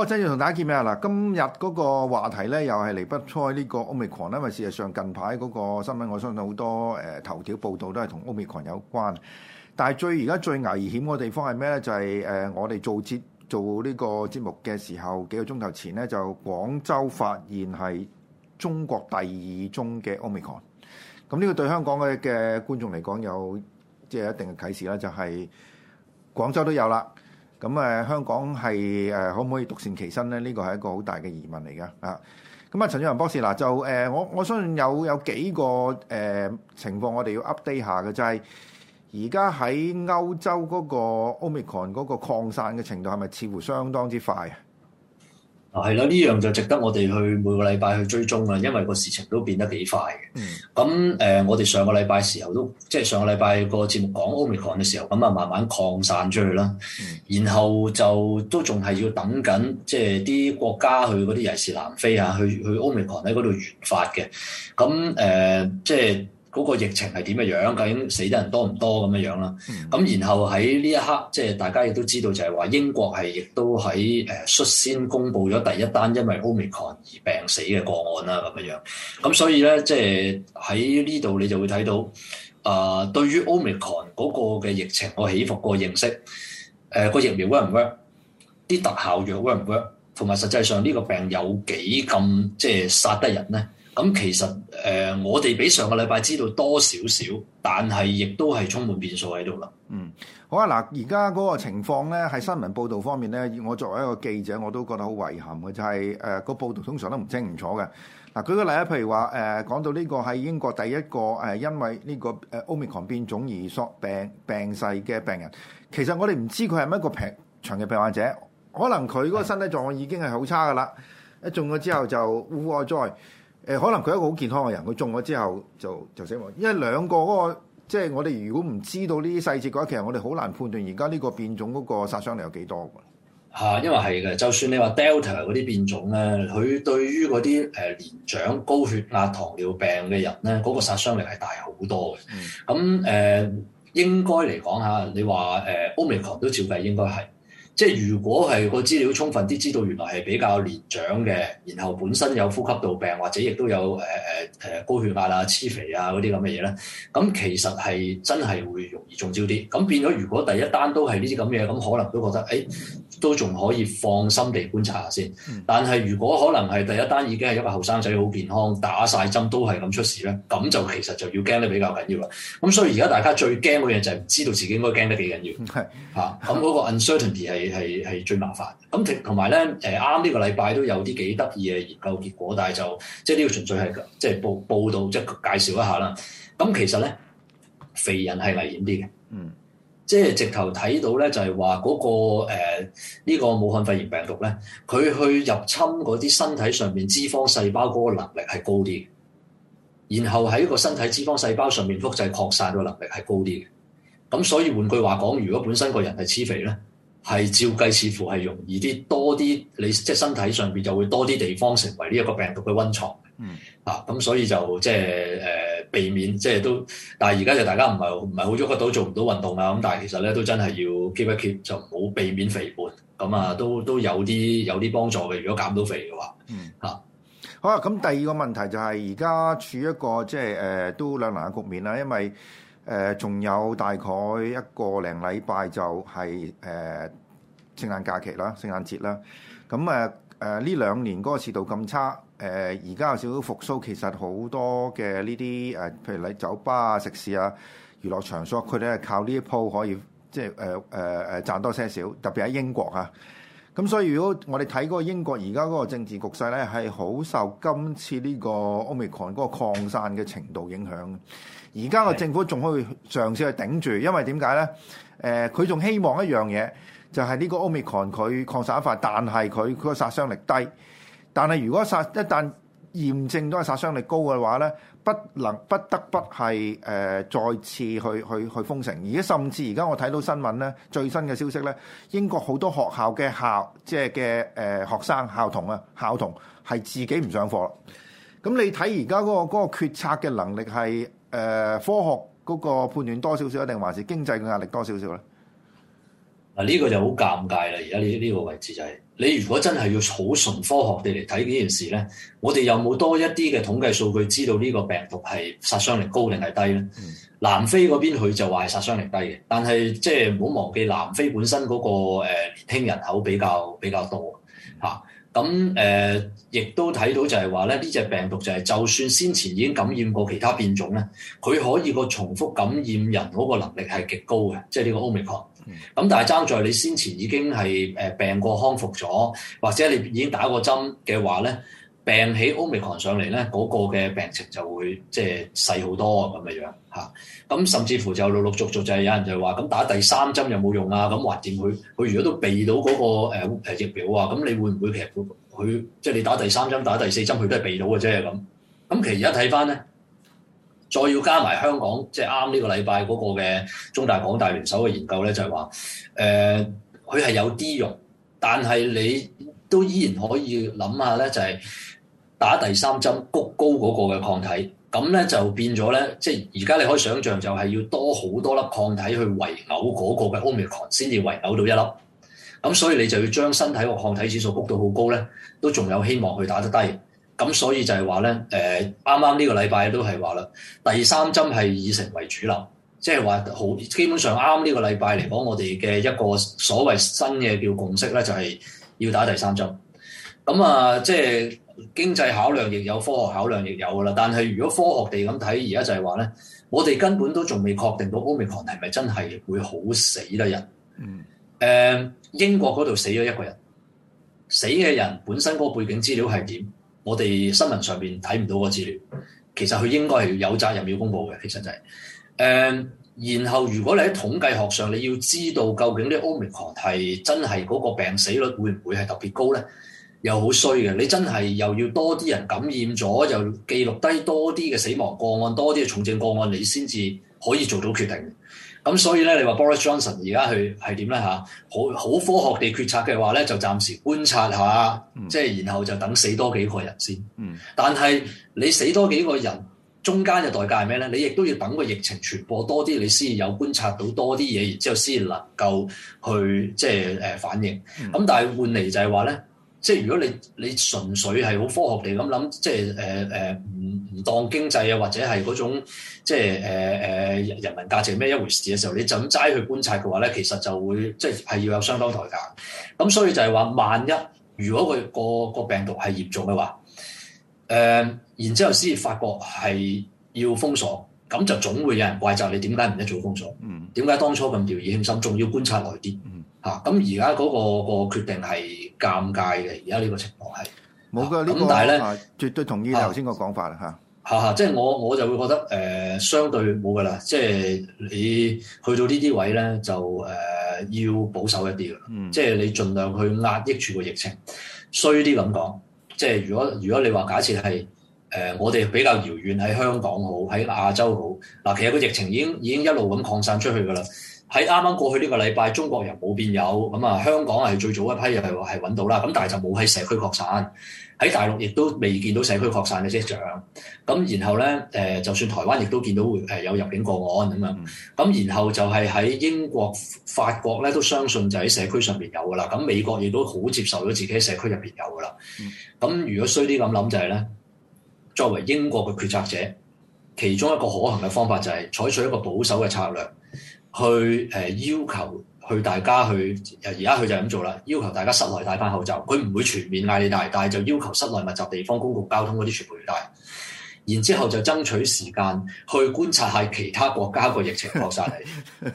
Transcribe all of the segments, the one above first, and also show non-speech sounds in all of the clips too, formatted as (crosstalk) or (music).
我真要同大家見面啊！嗱，今日嗰個話題咧，又係離不開呢個 Omicron 啦。因為事實上近排嗰個新聞，我相信好多誒、呃、頭條報導都係同 Omicron 有關。但係最而家最危險嘅地方係咩咧？就係、是、誒、呃、我哋做節做呢個節目嘅時候幾個鐘頭前咧，就廣州發現係中國第二宗嘅 Omicron。咁呢個對香港嘅嘅觀眾嚟講，有即係一定嘅啟示啦。就係、是、廣州都有啦。咁誒香港係誒可唔可以獨善其身咧？呢個係一個好大嘅疑問嚟噶啊！咁啊，陳志宏博士嗱，就誒我我相信有有幾個誒、呃、，情況我哋要 update 下嘅，就係而家喺歐洲嗰個 Omicron 嗰個擴散嘅程度係咪似乎相當之快啊？啊，係啦，呢樣就值得我哋去每個禮拜去追蹤啊，因為個事情都變得幾快嘅。咁誒、嗯呃，我哋上個禮拜時候都，即係上個禮拜個節目講 Omicron 嘅時候，咁啊慢慢擴散出去啦。嗯、然後就都仲係要等緊，即係啲國家去嗰啲，尤其是南非呀，去去 Omicron 喺嗰度源發嘅。咁誒、呃，即係。嗰個疫情係點嘅樣？究竟死得人多唔多咁樣樣啦？咁然後喺呢一刻，即係大家亦都知道，就係話英國係亦都喺誒率先公布咗第一單因為 Omicron 而病死嘅個案啦咁樣樣。咁所以咧，即係喺呢度你就會睇到啊、呃，對於奧密克戎嗰個嘅疫情我起伏個認識，誒、呃、個疫苗會會 work 唔 work？啲特效藥會會 work 唔 work？同埋實際上呢個病有幾咁即係殺得人咧？咁其實誒、呃，我哋比上個禮拜知道多少少，但係亦都係充滿變數喺度啦。嗯，好啊。嗱，而家嗰個情況咧，喺新聞報導方面咧，我作為一個記者，我都覺得好遺憾嘅，就係誒個報導通常都唔清唔楚嘅。嗱、啊，舉個例啊，譬如話誒、呃、講到呢個係英國第一個誒因為呢個誒 Omicron 變種而索病病逝嘅病，病人，其實我哋唔知佢係咪一個平長期病患者，可能佢嗰個身體狀況已經係好差噶啦，的一中咗之後就戶外災。呼呼誒可能佢一個好健康嘅人，佢中咗之後就就死亡，因為兩個嗰、那個即係我哋如果唔知道呢啲細節嘅話，其實我哋好難判斷而家呢個變種嗰個殺傷力有幾多嘅。嚇，因為係嘅，就算你話 Delta 嗰啲變種咧，佢對於嗰啲誒年長、高血壓、糖尿病嘅人咧，嗰、那個殺傷力係大好多嘅。咁誒、嗯呃、應該嚟講嚇，你話誒、呃、Omicron 都照計應該係。即係如果係個資料充分啲，知道原來係比較年長嘅，然後本身有呼吸道病或者亦都有誒誒誒高血壓啊、癡肥啊嗰啲咁嘅嘢咧，咁其實係真係會容易中招啲。咁變咗，如果第一單都係呢啲咁嘅，咁可能都覺得誒，哎都仲可以放心地觀察下先，嗯、但係如果可能係第一單已經係一個後生仔好健康，打晒針都係咁出事咧，咁就其實就要驚得比較緊要啦。咁所以而家大家最驚嘅嘢就係唔知道自己應該驚得幾緊要，係嚇是。咁嗰、啊那個 uncertainty 係係係最麻煩。咁同埋咧，誒啱呢剛剛個禮拜都有啲幾得意嘅研究結果，但係就即係呢個純粹係即係報報導即係介紹一下啦。咁其實咧，肥人係危險啲嘅，嗯。即係直頭睇到咧、那個，就係話嗰個誒呢個武漢肺炎病毒咧，佢去入侵嗰啲身體上面脂肪細胞嗰個能力係高啲，然後喺一個身體脂肪細胞上面複製擴散個能力係高啲嘅。咁所以換句話講，如果本身個人係癡肥咧，係照計似乎係容易啲多啲，你即係身體上邊就會多啲地方成為呢一個病毒嘅溫床。嗯，啊咁所以就即係誒。呃避免即係都，但係而家就大家唔係唔係好郁得到，做唔到運動啊！咁但係其實咧都真係要 keep 一 keep，就唔好避免肥胖，咁啊都都有啲有啲幫助嘅。如果減到肥嘅話，嚇、嗯啊、好啦。咁第二個問題就係而家處一個即係誒都兩難嘅局面啦，因為誒仲、呃、有大概一個零禮拜就係、是、誒、呃、聖誕假期啦，聖誕節啦，咁、嗯、啊。呃誒呢兩年嗰個市道咁差，誒而家有少少復甦，其實好多嘅呢啲誒，譬如喺酒吧啊、食肆啊、娛樂場所，佢哋係靠呢一鋪可以即係誒誒誒賺多些少。特別喺英國啊，咁所以如果我哋睇嗰個英國而家嗰個政治局勢咧，係好受今次呢個 Omicron 嗰個擴散嘅程度影響。而家個政府仲可以嘗試去頂住，因為點解咧？誒、呃，佢仲希望一樣嘢。就係呢個 Omicron，佢擴散快，但係佢佢個殺傷力低。但係如果殺一旦驗證到係殺傷力高嘅話咧，不能不得不係誒、呃、再次去去去封城。而家甚至而家我睇到新聞咧，最新嘅消息咧，英國好多學校嘅校即係嘅誒學生校童啊，校童係自己唔上課。咁你睇而家嗰個嗰、那個、決策嘅能力係誒、呃、科學嗰個判斷多少少，定還是經濟嘅壓力多少少咧？呢個就好尷尬啦，而家呢呢個位置就係、是、你如果真係要好純科學地嚟睇呢件事呢，我哋有冇多一啲嘅統計數據知道呢個病毒係殺傷力高定係低呢？嗯、南非嗰邊佢就話係殺傷力低嘅，但係即係唔好忘記南非本身嗰、那個、呃、年輕人口比較比較多嚇，咁、啊、誒、嗯呃、亦都睇到就係話呢呢隻、這個、病毒就係就算先前已經感染過其他變種呢，佢可以個重複感染人嗰個能力係極高嘅，即係呢個 Omicron 咁、嗯、但係爭在你先前已經係誒病過康復咗，或者你已經打過針嘅話咧，病起 Omicron 上嚟咧，嗰、那個嘅病情就會即係細好多咁嘅樣嚇。咁、啊、甚至乎就陸陸續續就係有人就係話，咁打第三針有冇用啊？咁或者佢佢如果都避到嗰、那個誒誒、呃、疫苗啊？咁你會唔會其實佢即係你打第三針、打第四針，佢都係避到嘅啫咁？咁其實而家睇翻咧。再要加埋香港，即係啱呢個禮拜嗰個嘅中大港大聯手嘅研究咧，就係、是、話，誒、呃，佢係有啲用，但係你都依然可以諗下咧，就係、是、打第三針谷高嗰個嘅抗體，咁咧就變咗咧，即係而家你可以想象就係要多好多粒抗體去圍毆嗰個嘅 Omicron 先至圍毆到一粒。咁所以你就要將身體個抗體指數谷到好高咧，都仲有希望去打得低。咁所以就係話咧，誒啱啱呢個禮拜都係話啦，第三針係已成為主流，即係話好基本上啱呢個禮拜嚟講，我哋嘅一個所謂新嘅叫共識咧，就係、是、要打第三針。咁、嗯、啊，即、就、係、是、經濟考量亦有，科學考量亦有啦。但係如果科學地咁睇，而家就係話咧，我哋根本都仲未確定到 Omicron 係咪真係會好死得人。嗯。誒、呃，英國嗰度死咗一個人，死嘅人本身嗰個背景資料係點？我哋新聞上面睇唔到個資料，其實佢應該係有責任要公布嘅，其實就係、是、誒、嗯。然後如果你喺統計學上，你要知道究竟啲奧密克戎係真係嗰個病死率會唔會係特別高呢？又好衰嘅，你真係又要多啲人感染咗，又要記錄低多啲嘅死亡個案，多啲嘅重症個案，你先至可以做到決定嘅，咁所以咧，你話 Boris Johnson 而家去係點咧嚇？好好科學地決策嘅話咧，就暫時觀察下，即係、嗯、然後就等死多幾個人先。嗯。但係你死多幾個人，中間嘅代價係咩咧？你亦都要等個疫情傳播多啲，你先有觀察到多啲嘢，然之後先能夠去即係誒反應。咁但係換嚟就係話咧。即係如果你你純粹係好科學地咁諗，即係誒誒唔唔當經濟啊，或者係嗰種即係誒誒人民價值咩一回事嘅時候，你就咁齋去觀察嘅話咧，其實就會即係係要有相當代價。咁所以就係話，萬一如果佢個個病毒係嚴重嘅話，誒然之後先至發覺係要封鎖，咁就總會有人怪責你點解唔一早封鎖？點解、嗯、當初咁掉以輕心，仲要觀察耐啲？嗯嚇！咁而家嗰個個決定係尷尬嘅，而家呢個情況係冇㗎。咁但係咧，絕對同意頭先個講法啦，嚇嚇、啊啊啊。即係我我就會覺得誒、呃，相對冇㗎啦。即係你去到呢啲位咧，就誒、呃、要保守一啲㗎。嗯、即係你盡量去壓抑住個疫情，衰啲咁講。即係如果如果你話假設係誒、呃，我哋比較遙遠，喺香港好，喺亞洲好。嗱、啊，其實個疫情已經已經一路咁擴散出去㗎啦。喺啱啱過去呢個禮拜，中國人冇變有，咁啊香港係最早一批又係話係揾到啦，咁但係就冇喺社區擴散，喺大陸亦都未見到社區擴散嘅跡象。咁然後咧，誒、呃、就算台灣亦都見到誒有入境個案咁樣、啊，咁然後就係喺英國、法國咧都相信就喺社區上邊有噶啦，咁美國亦都好接受到自己喺社區入邊有噶啦。咁、嗯、如果衰啲咁諗就係、是、咧，作為英國嘅決策者，其中一個可行嘅方法就係採取一個保守嘅策略。去誒、呃、要求去大家去，而家佢就係咁做啦。要求大家室內戴翻口罩，佢唔會全面嗌你戴，但係就要求室內密集地方、公共交通嗰啲全部要戴。然之後就爭取時間去觀察下其他國家個疫情擴散嚟。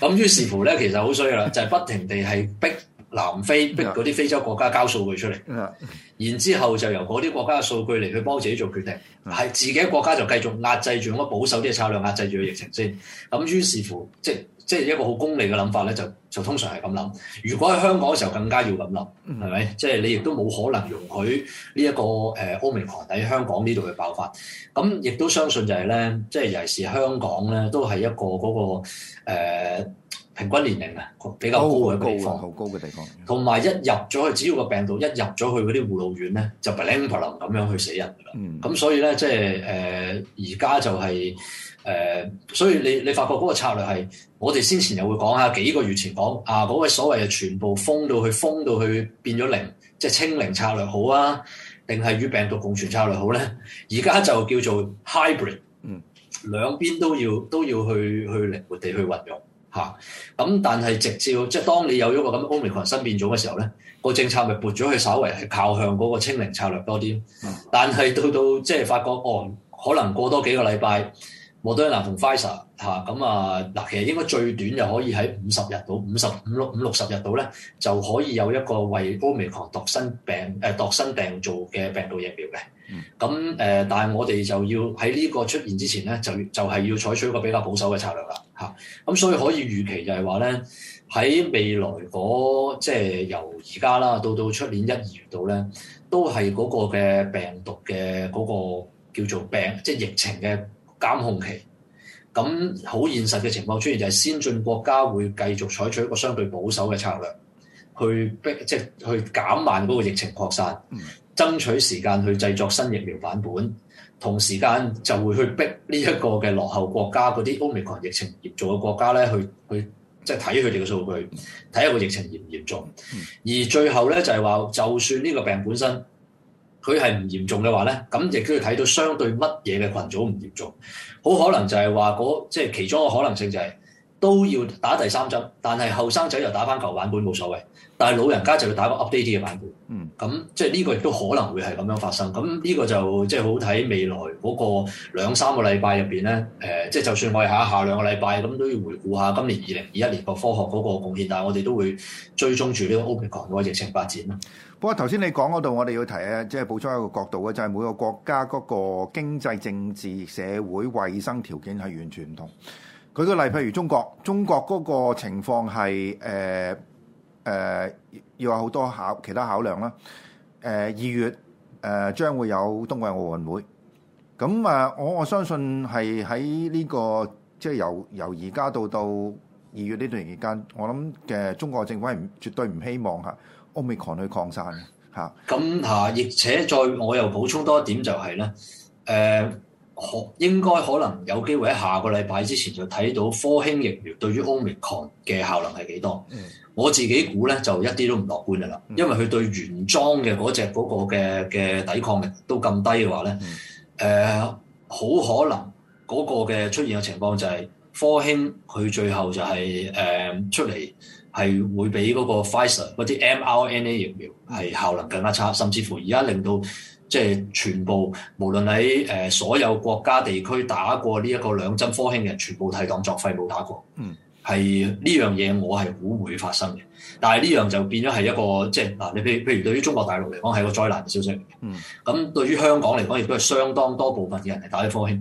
咁 (laughs) 於是乎呢，其實好衰啦，就係、是、不停地係逼。南非逼嗰啲非洲國家交數據出嚟，然之後就由嗰啲國家嘅數據嚟去幫自己做決定，係自己國家就繼續壓制住咁保守啲嘅策略，壓制住疫情先。咁於是乎，即係一個好功利嘅諗法咧，就就通常係咁諗。如果喺香港嘅時候，更加要咁諗，係咪、嗯？即係你亦都冇可能容許呢一個誒 Omicron 喺香港呢度嘅爆發。咁亦都相信就係、是、咧，即係尤其是香港咧，都係一個嗰、那個、呃平均年齡啊，比較高嘅一個地方，好高嘅地方。同埋一入咗去，只要個病毒一入咗去嗰啲護老院咧，就 bling bling 咁、um、樣去死人㗎喇。咁、嗯、所以咧，即係誒而家就係、是、誒、呃，所以你你發覺嗰個策略係，我哋先前又會講下幾個月前講啊，嗰、嗰個所謂嘅全部封到去，封到去變咗零，即係清零策略好啊，定係與病毒共存策略好咧？而家就叫做 hybrid，嗯，兩邊都要都要去去靈活地去運用。嚇！咁、啊、但係直到，即係當你有咗個咁嘅奧密克戎新變咗嘅時候咧，個政策咪撥咗佢，稍微係靠向嗰個清零策略多啲。嗯、但係到到即係發覺，哦，可能過多幾個禮拜。摩登納同 Fisa 嚇。咁啊，嗱，其實應該最短就可以喺五十日到五十五六五六十日度咧，就可以有一個為 Omicron 度身病誒度、啊、身訂做嘅病毒疫苗嘅。咁誒、嗯呃，但係我哋就要喺呢個出現之前咧，就就係、是、要採取一個比較保守嘅策略啦嚇。咁、啊啊、所以可以預期就係話咧，喺未來嗰即係由而家啦，到到出年一二月度咧，都係嗰個嘅病毒嘅嗰個叫做病，即、就、係、是、疫情嘅。監控期，咁好現實嘅情況出現就係先進國家會繼續採取一個相對保守嘅策略，去逼即係、就是、去減慢嗰個疫情擴散，爭取時間去製作新疫苗版本，同時間就會去逼呢一個嘅落後國家嗰啲 Omicron 疫情嚴重嘅國家咧，去去即係睇佢哋嘅數據，睇個疫情嚴唔嚴重，而最後咧就係話，就算呢個病本身。佢係唔嚴重嘅話咧，咁亦都要睇到相對乜嘢嘅群組唔嚴重，好可能就係話嗰即係其中一個可能性就係、是。都要打第三針，但係後生仔又打翻舊版本冇所謂，但係老人家就要打個 update 嘅版本。嗯，咁即係呢個亦都可能會係咁樣發生。咁呢個就即係好睇未來嗰個兩三個禮拜入邊咧。誒、呃，即係就算我哋下下兩個禮拜，咁都要回顧下今年二零二一年個科學嗰個貢獻。但係我哋都會追蹤住呢個 Omicron 個疫情發展咯。不過頭先你講嗰度，我哋要提咧，即係補充一個角度嘅，就係每個國家嗰個經濟、政治、社會、衛生條件係完全唔同。舉個例，譬如中國，中國嗰個情況係誒誒要有好多考其他考量啦。誒、呃、二月誒、呃、將會有冬季奧運會，咁啊、呃，我我相信係喺呢個即係由由而家到到二月呢段期間，我諗嘅中國政府係唔絕對唔希望嚇 Omicron 去擴散嘅咁嚇，而且再我又補充多一點就係咧誒。呃可應該可能有機會喺下個禮拜之前就睇到科興疫苗對於 Omicron 嘅效能係幾多？嗯，我自己估咧就一啲都唔樂觀嘅啦，因為佢對原裝嘅嗰隻嗰個嘅嘅抵抗力都咁低嘅話咧，誒好可能嗰個嘅出現嘅情況就係科興佢最後就係誒、呃、出嚟係會比嗰個、Pfizer 或者 mRNA 疫苗係效能更加差，甚至乎而家令到。即係全部，無論喺誒、呃、所有國家地區打過呢一個兩針科興嘅人，全部替當作廢冇打過。嗯。係呢樣嘢，我係估會發生嘅。但係呢樣就變咗係一個，即係嗱，你譬如譬如對於中國大陸嚟講係一個災難嘅消息。嗯。咁對於香港嚟講，亦都係相當多部分嘅人係打啲科興。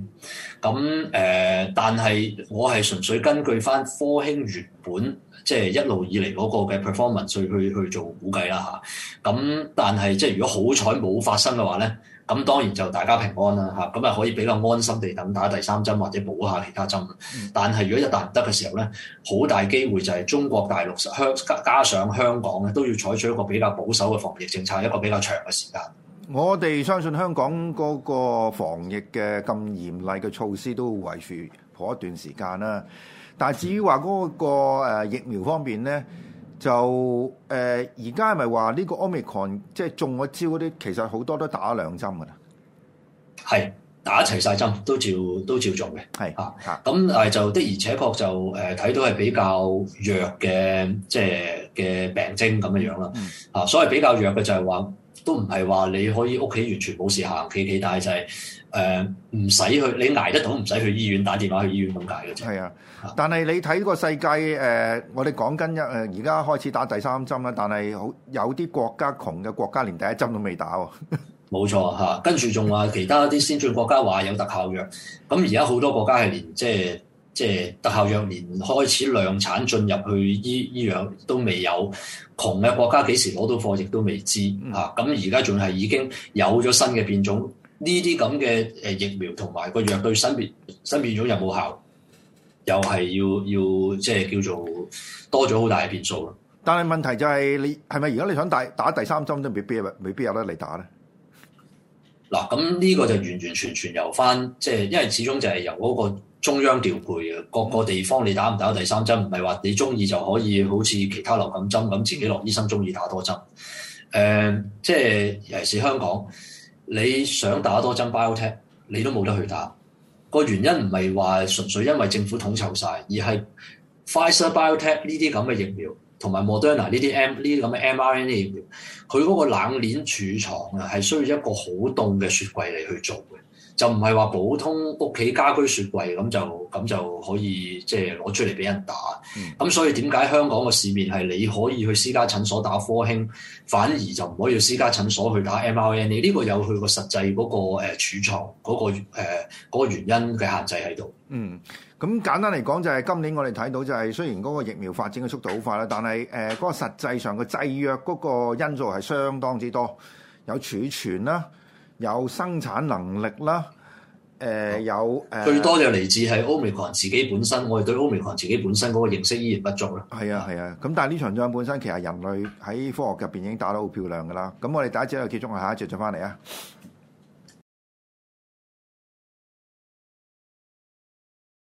咁誒、呃，但係我係純粹根據翻科興原本，即、就、係、是、一路以嚟嗰個嘅 performance，再去去，去做估計啦嚇。咁但係即係如果好彩冇發生嘅話咧。咁當然就大家平安啦嚇，咁啊可以比較安心地等打第三針或者補下其他針。但係如果一旦唔得嘅時候咧，好大機會就係中國大陸香加上香港咧都要採取一個比較保守嘅防疫政策，一個比較長嘅時間。我哋相信香港嗰個防疫嘅咁嚴厲嘅措施都會維持過一段時間啦。但係至於話嗰個誒疫苗方面咧？就誒，而家係咪話呢個 Omicron，即係中咗招嗰啲，其實好多都打兩針㗎啦。係打齊晒針，都照都照做嘅。係是啊，咁誒就的而且確就誒睇、呃、到係比較弱嘅，即係嘅病徵咁樣樣啦。啊，所謂比較弱嘅就係話。都唔係話你可以屋企完全冇事行企企，但係就係、呃、唔使去，你挨得到唔使去醫院打電話去醫院咁解嘅啫。係啊，但係你睇個世界誒、呃，我哋講緊一誒，呃、而家開始打第三針啦。但係好有啲國家窮嘅國家連第一針都未打喎、啊。冇錯嚇，跟住仲話其他啲先進國家話有特效藥。咁而家好多國家係連即係。即係特效藥，連開始量產進入去依依樣都未有。窮嘅國家幾時攞到貨亦都未知。嚇、啊，咁而家仲係已經有咗新嘅變種，呢啲咁嘅誒疫苗同埋個藥對新變新變種有冇效？又係要要即係叫做多咗好大嘅變數啦。但係問題就係你係咪而家你想打打第三針都未必未必有得嚟打咧？嗱，咁呢個就完完全全由翻，即係因為始終就係由嗰個中央調配嘅，各個地方你打唔打第三針，唔係話你中意就可以好似其他流感針咁，自己落醫生中意打多針。誒、呃，即係尤其是香港，你想打多針 BioNTech，你都冇得去打。個原因唔係話純粹因為政府統籌晒，而係 Pfizer、BioNTech 呢啲咁嘅疫苗。同埋 m 莫德納呢啲 m 呢啲咁嘅 mRNA 疫苗，佢嗰個冷鏈儲藏啊，係需要一個好凍嘅雪櫃嚟去做嘅。就唔係話普通屋企家居雪櫃咁就咁就可以即係攞出嚟俾人打，咁、嗯、所以點解香港個市面係你可以去私家診所打科興，反而就唔可以去私家診所去打 mRNA 呢？呢個有佢個實際嗰、那個誒、呃、儲藏嗰、那個誒、呃、原因嘅限制喺度。嗯，咁簡單嚟講就係今年我哋睇到就係雖然嗰個疫苗發展嘅速度好快啦，但係誒嗰個實際上個制約嗰個因素係相當之多，有儲存啦。有生產能力啦，誒、呃、好有誒，呃、最多就嚟自係奧密克戎自己本身。我哋對奧密克戎自己本身嗰個認識依然不足啦。係啊，係啊。咁、嗯啊、但係呢場仗本身其實人類喺科學入邊已經打得好漂亮噶啦。咁我哋第一節就結束，下一節再翻嚟啊。